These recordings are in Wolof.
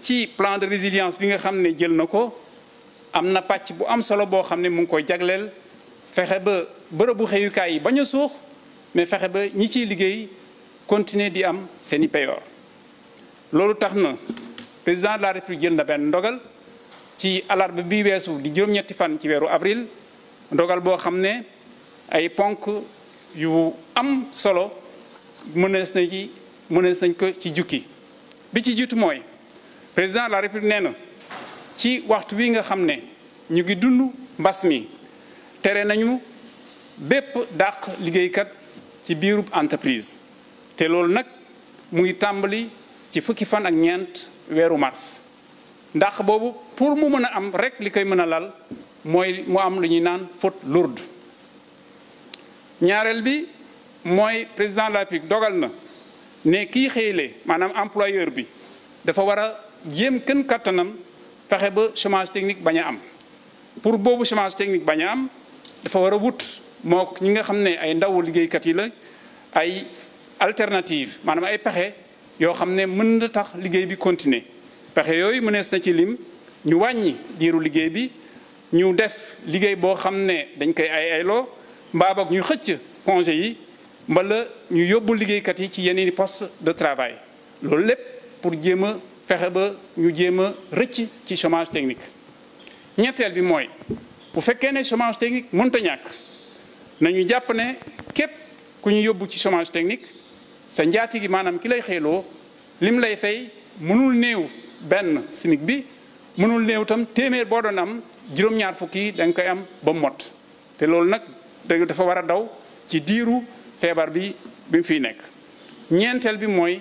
ci plan de résilience bi nga xam ne jël na ko am na pàcc bu am solo boo xam ne mu ngi koy jagleel fexe ba bërëbu xëyukaay yi bañ a suux mais fexe ba ñi ciy liggéey continuer di am seen i payoor loolu tax na président de la république jël na benn ndogal ci alarba bi weesu di juróom-ñetti fan ci weeru avril ndogal boo xam ne ay ponk yu am solo mënees na ci mënees nañ ko ci jukki bi ci jiitu mooy président de la république nee na ci waxtu wi nga xam ne ñu ngi dund mbas mi tere nañu bépp dàq liggéeykat ci biiru entreprise te loolu nag mu ngi tàmbali ci fukki fan ak ñeent weeru mars ndax boobu pour mu mën a am rek li koy mën a lal mooy mu am lu ñuy naan faute lourde ñaareel bi mooy président la République dogal na ne kii xëyle maanaam employeur bi dafa war jéem kën kattanam pexe ba chômage technique bañ a am pour boobu chômage technique bañ am dafa war a wut moo ñi nga xam ne ay ndawu liggéeykat yi la ay alternative maanaam ay pexe yoo xam ne mën na tax liggéey bi continuer pexe yooyu mënees na ci lim ñu wàññi diiru liggéey bi ñu def liggéey boo xam ne dañ koy ay ayloo mbaa boog ñu xëcc congé yi mbala ñu yóbbu liggéeykat yi ci yeneen i poste de travail loolu lépp pour jéem fexe ba ñu jéem a rëcc ci chômage technique ñetteel bi mooy bu fekkee ne chômage technique mënta ñàkk nañu jàpp ne képp ku ñu yóbbu ci chômage technique sa njaati gi maanaam ki lay xeeloo lim lay fay mënul néew benn SMIC bi mënul néew tam téeméer boo doon am juróom-ñaar fukki da koy am ba mot te loolu nag dafa war a daw ci diiru feebar bi bi fi nekk ñeenteel bi mooy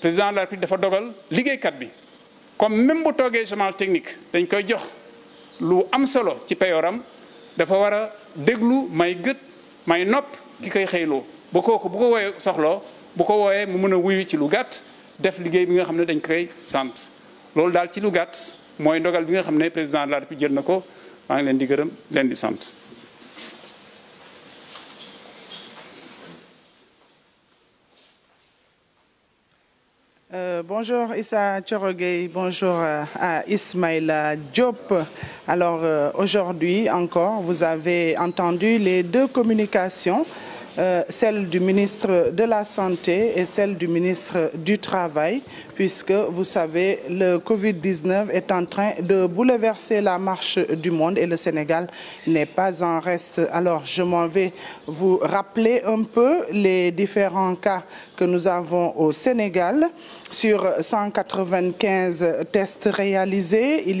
président de la République dafa dogal liggéeykat bi comme même bu toogee chômage technique dañ koy jox lu am solo ci peyoram dafa war a déglu may gët may nopp ki koy xëyloo bu kooku bu ko wooyee soxloo bu ko wooyee mu mën a wuyu ci lu gàtt def liggéey bi nga xam ne dañ koy sant loolu daal ci lu gàtt mooy ndogal bi nga xam ne président de la République jël na ko maa ngi leen di gërëm leen di sant Euh, bonjour Issa Tchorogay, bonjour euh, à Ismaïla Diop. Alors euh, aujourd'hui encore, vous avez entendu les deux communications Euh, celle du ministre de la Santé et celle du ministre du Travail, puisque vous savez, le Covid-19 est en train de bouleverser la marche du monde et Sénégal n'est pas en reste. Alors, je m'en vais vous rappeler un peu les différents cas que nous avons au Sénégal. Sur 195 tests réalisés, il